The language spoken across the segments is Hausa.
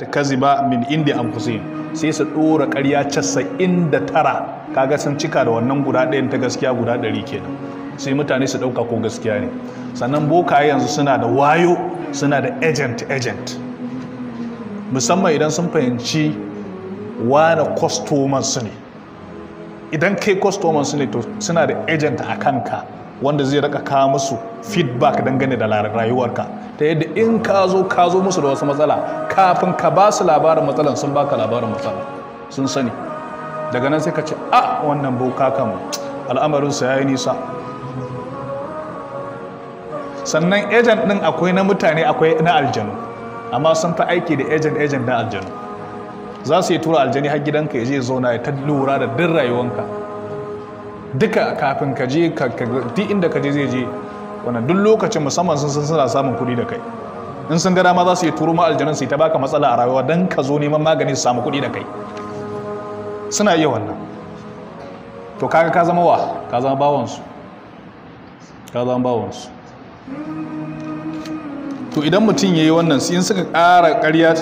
ta kaziba min indi anfusihim sai su dora ƙarya cassa inda tara kaga sun cika da wannan guda ɗayan ta gaskiya guda ɗari kenan sai mutane su ɗauka ko gaskiya ne sannan bokaye yanzu suna da wayo suna da agent agent musamman idan sun fahimci wane kwastoman su ne idan kai kwastoman su ne to suna da agent a kanka wanda zai raka kawo musu feedback dangane da rayuwarka ta yadda in ka zo ka zo musu da wasu matsala kafin ka ba su labarin matsalan sun baka labarin matsala sun sani daga nan sai ka ce a ah, wannan boka al'amarin su ya yi nisa sannan ejen ɗin akwai na mutane akwai na aljanu amma sun fi aiki da ejen ejen na aljanu za su yi tura aljani har gidanka ya je zauna ya ta lura da duk rayuwanka duka kafin ka je ka duk inda ka je zai je wannan duk lokacin musamman sun san suna samun kuɗi da kai in sun ga dama za su yi turo ma aljanun su ta baka matsala a rayuwa don ka zo neman magani su samu kuɗi da kai suna iya wannan to kaga ka zama wa ka zama bawansu ka zama bawansu to idan mutum ya yi wannan su in suka ƙara ƙarya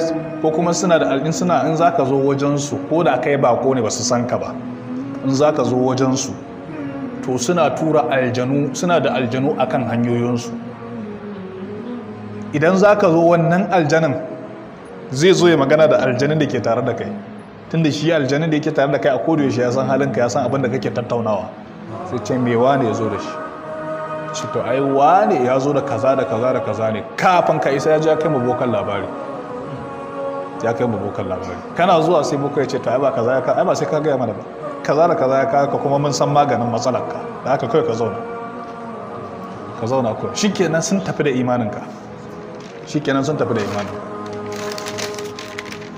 ko kuma suna da in suna in za ka zo wajensu ko da kai ko ne ba su san ka ba in za ka zo wajensu to suna tura aljanu suna da aljanu akan hanyoyinsu idan za ka zo wannan aljanin zai zo ya magana da aljanin da ke tare da kai tunda shi aljanin da yake tare da kai a shi ya san halinka ya san abin da kake tattaunawa sai ce me wane ya zo da shi shi to ai wane ya zo da kaza da kaza da kaza ne kafin ka isa ya ji ya kai mabokan labari ya kai mabokan labari kana zuwa sai boka ya ce to ai ba kaza ya ai ba sai ka gaya mana ba kaza da kaza ya kawo ka kuma mun san maganin matsalarka da haka kawai ka zauna ka zauna kawai shikenan sun tafi da imaninka shikenan sun tafi da imaninka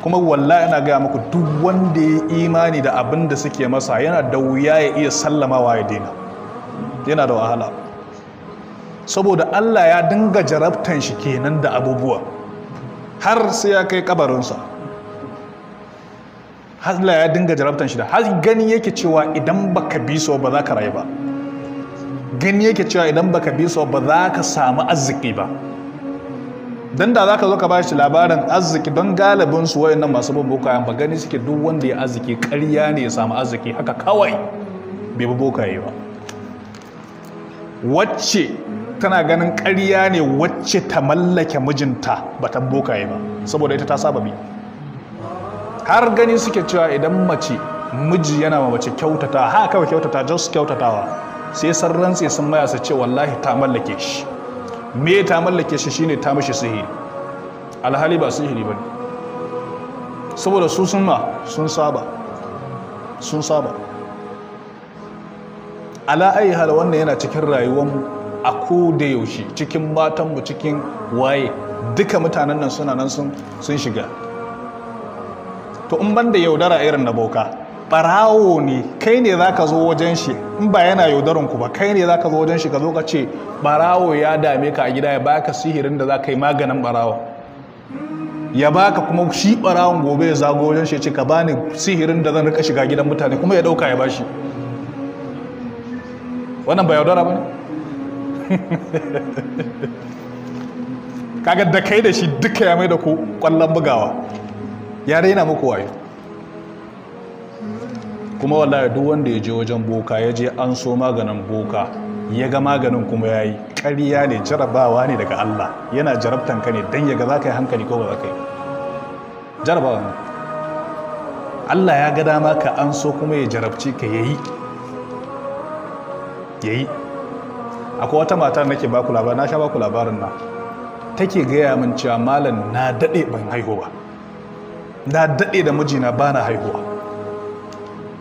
kuma wallahi ina gaya muku duk wanda ya imani da abin da suke masa yana da wuya ya iya sallamawa ya daina yana da wahala saboda Allah ya dinga jarabtan shi kenan da abubuwa har sai ya kai kabarinsa hasla ya dinga jarabtan shida har gani yake cewa idan baka bi so ba za ka rayu ba gani yake cewa idan baka bi so ba za ka samu arziki ba dan da za ka zo ka bashi labarin arziki don galibin su wayannan masu bin bokayen ba gani suke duk wanda ya arziki karya ne ya samu arziki haka kawai bai bi bokaye ba wacce tana ganin karya ne wacce ta mallake mijinta ba ta bokaye ba saboda ita ta saba bi har gani suke cewa idan mace miji yana ma mace kyautata ha kawai kyautata su kyautatawa sai san rantse sun maya su ce wallahi ta mallake shi me ta mallake shi shine ta mishi sihiri alhali ba sihiri bane saboda su sun ma sun saba sun saba ala ayi hal wannan yana cikin rayuwar mu a ko da yaushe cikin matan mu cikin waye duka mutanen nan suna nan sun shiga to in banda yaudara irin na boka barawo ne kai ne za ka zo wajen shi in ba yana yaudarin ku ba kai ne za ka zo wajen shi ka zo ka ce barawo ya dame ka a gida ya baka sihirin da za ka yi maganin barawo ya baka kuma shi barawon gobe ya zago wajen shi ya ce ka bani sihirin da zan rika shiga gidan mutane kuma ya dauka ya bashi wannan ba yaudara ba ne kaga da kai da shi duka ya mai da ku kwallon bugawa ya raina muku wayo kuma wallahi duk wanda ya je wajen boka ya je an so maganin boka ya ga maganin kuma ya yi ƙarya ne jarabawa ne daga Allah yana jarabtan ka ne don ya ga za ka yi hankali ko ba za ka yi jarabawa ne Allah ya ga dama ka an so kuma ya jarabci ka ya yi ya yi akwai wata mata nake baku labarin na sha baku labarin na take gaya min cewa malam na daɗe ban haihu ba na daɗe da mijina ba na haihuwa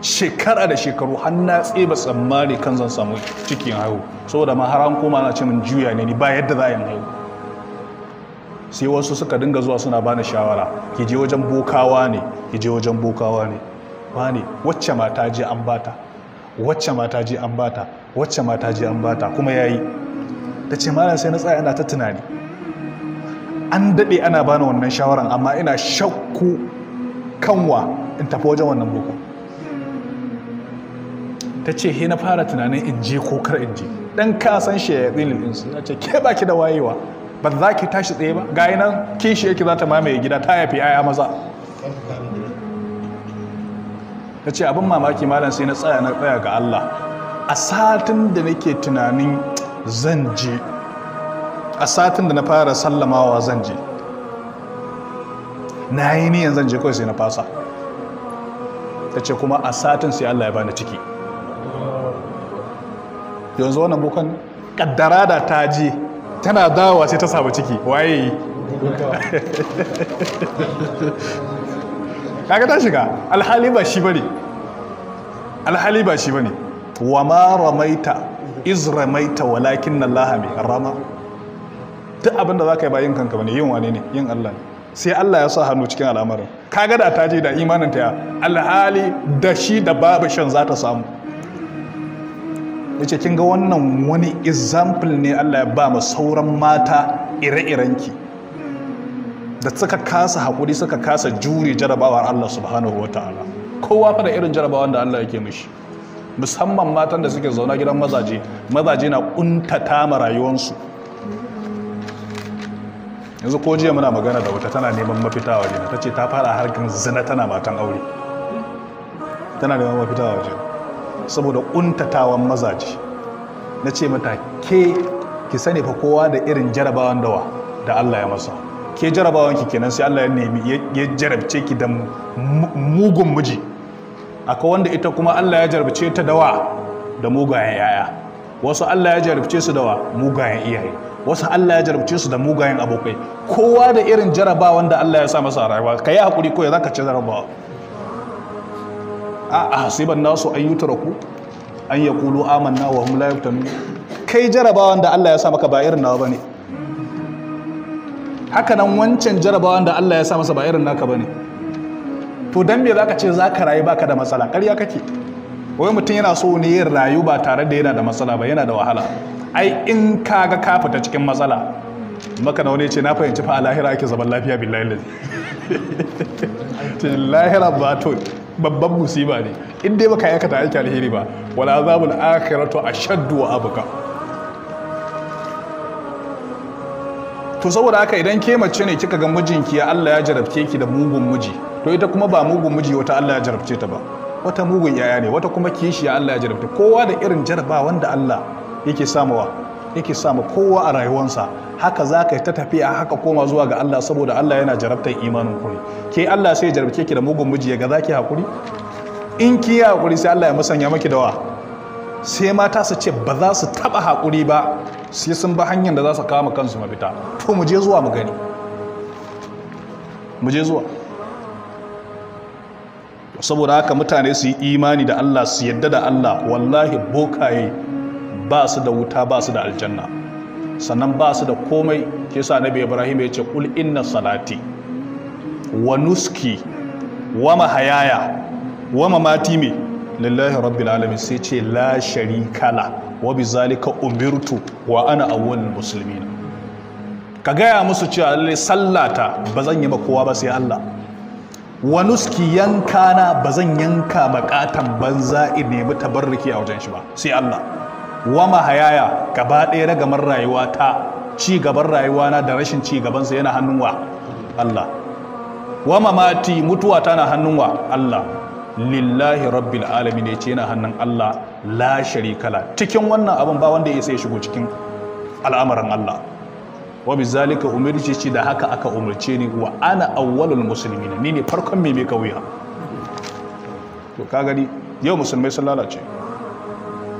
shekara da shekaru har na tseba tsammani kan zan samu cikin haihu saboda ma har an koma na ce min juya ne ni ba yadda za a yin haihu sai wasu suka dinga zuwa suna bani shawara ki je wajen bokawa ne ki je wajen bokawa ne wani wacce mata je an bata wacce mata je an bata wacce mata je an bata kuma yayi ta ce malam sai na tsaya ana ta tunani an daɗe ana bani wannan shawaran amma ina shakku kanwa in tafi wajen wannan boko ta ce he na fara tunanin in je ko kar in je dan ka san shi ya tsilin din su ce ke baki da wayewa ba za ki tashi tsaye ba ga nan kishi yake za ta mamaye gida ta yafi aya maza ta ce abin mamaki malam sai na tsaya na tsaya ga Allah a satin da nake tunanin zan je a satin da na fara sallamawa zan je na yi niyan zan je kawai sai na fasa ta ce kuma a satin sai Allah ya bani ciki yanzu wannan bukan kaddara da ta je tana dawowa sai ta samu ciki waye kaga ta shiga alhali ba shi bane alhali ba shi bane wa ma ramaita iz ramaita walakin Allah mai rama duk abinda za ka yi bayan kanka bane yin wane ne yin Allah ne sai Allah ya sa hannu cikin al'amarin kaga da ta je da imanin ta alhali da shi da babu shan za ta samu yace kin ga wannan wani example ne Allah ya ba mu sauran mata ire-irenki da suka kasa hakuri suka kasa jure jarabawar Allah subhanahu wataala kowa fa da irin jarabawa da Allah yake mishi musamman matan da suke zauna gidan mazaje mazaje na kuntata ma rayuwarsu yanzu ko jiya muna magana da wata tana neman mafita waje ta ce ta fara harkar zina tana matan aure tana neman mafita waje saboda kuntatawan mazaje na ce mata ke ki sani fa kowa da irin jarabawan dawa da Allah ya masa ke jarabawan ki kenan sai Allah ya nemi ya jarabce ki da mugun miji akwai wanda ita kuma Allah ya jarabce ta dawa da mugayen yaya wasu Allah ya jarabce su dawa mugayen iyaye wasu Allah ya jarabce su da mugayen abokai kowa da irin jarabawan da Allah ya sa masa rayuwa ka yi haƙuri ko ya zaka ci jarabawa a ban nasu an yi taraku an ya kulu amanna wa hum la yuftanu kai jarabawan da Allah ya sa maka ba irin nawa bane haka nan wancan jarabawan da Allah ya sa masa ba irin naka bane to dan me zaka ce zaka rayu baka da matsala ƙarya kake wai mutum yana so ne yin rayu ba tare da yana da matsala ba yana da wahala ai in ka ga ka fita cikin matsala maka na wani ce na fahimci fa lahira ake zaman lafiya billahi lazi lahira ba to babban musiba ne in dai baka aikata aiki alheri ba wala azabul akhiratu ashaddu wa abqa to saboda haka idan ke mace ne kika ga mijinki ya Allah ya jarabce ki da mugun miji to ita kuma ba mugun miji wata Allah ya jarabce ta ba wata mugun yaya ne wata kuma kishi ya Allah ya jarabta kowa da irin jarabawa wanda Allah yake samuwa yake samu kowa a rayuwansa haka za ka ta tafiya haka koma zuwa ga Allah saboda Allah yana jarabtar imanin kuri ke Allah sai jarabce ki da mugun miji ya ga za ki haƙuri in ki yi haƙuri sai Allah ya musanya maki da wa sai mata su ce ba za su taɓa haƙuri ba sai sun ba hanyar da za su kama kansu mafita to mu zuwa mu gani mu je zuwa saboda haka mutane su yi imani da Allah su yadda da Allah wallahi bokaye ba su da wuta ba su da aljanna sannan ba su da komai ke sa nabi ibrahim ya ce kul inna salati wa nuski wa mahayaya wa mamati me lillahi rabbil alamin sai ce la sharikala wa bizalika umirtu wa ana awwalul muslimin ka gaya musu cewa lallai sallata ba zan yi ma kowa ba sai Allah wa nuski yankana ba zan yanka bakatan banza in nemi tabarruki a wajen shi ba sai Allah wa hayaya gaba ɗaya ragamar rayuwa ta ci gaban rayuwa na da rashin ci gabansa yana hannun wa Allah wa mamati mutuwa na hannun wa Allah lillahi rabbil alamin ya ce yana hannun Allah la sharikala cikin wannan abin ba wanda ya sai shigo cikin al'amarin Allah wa zalika umirci ci da haka aka umarce ni wa ana awwalul na. ni ne farkon mai mai kauya to ka gani yau musulmai sun lalace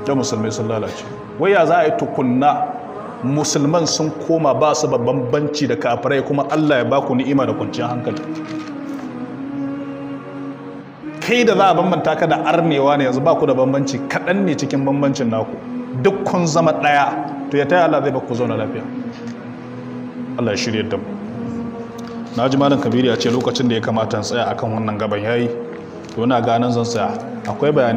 da musulmai sun lalace waya za a yi tukunna musulman sun koma ba su babban banci da kafirai kuma allah ya baku ni'ima da kwanciyar hankali kai da za a bambanta ka da arnewa ne yanzu ba da bambanci kaɗan ne cikin bambancin naku duk kun zama ɗaya to ya taya allah zai baku zauna lafiya allah ya shirya da mu na ji malam kabiru ya ce lokacin da ya kamata in tsaya akan wannan gaban yayi to na ganin zan tsaya akwai bayani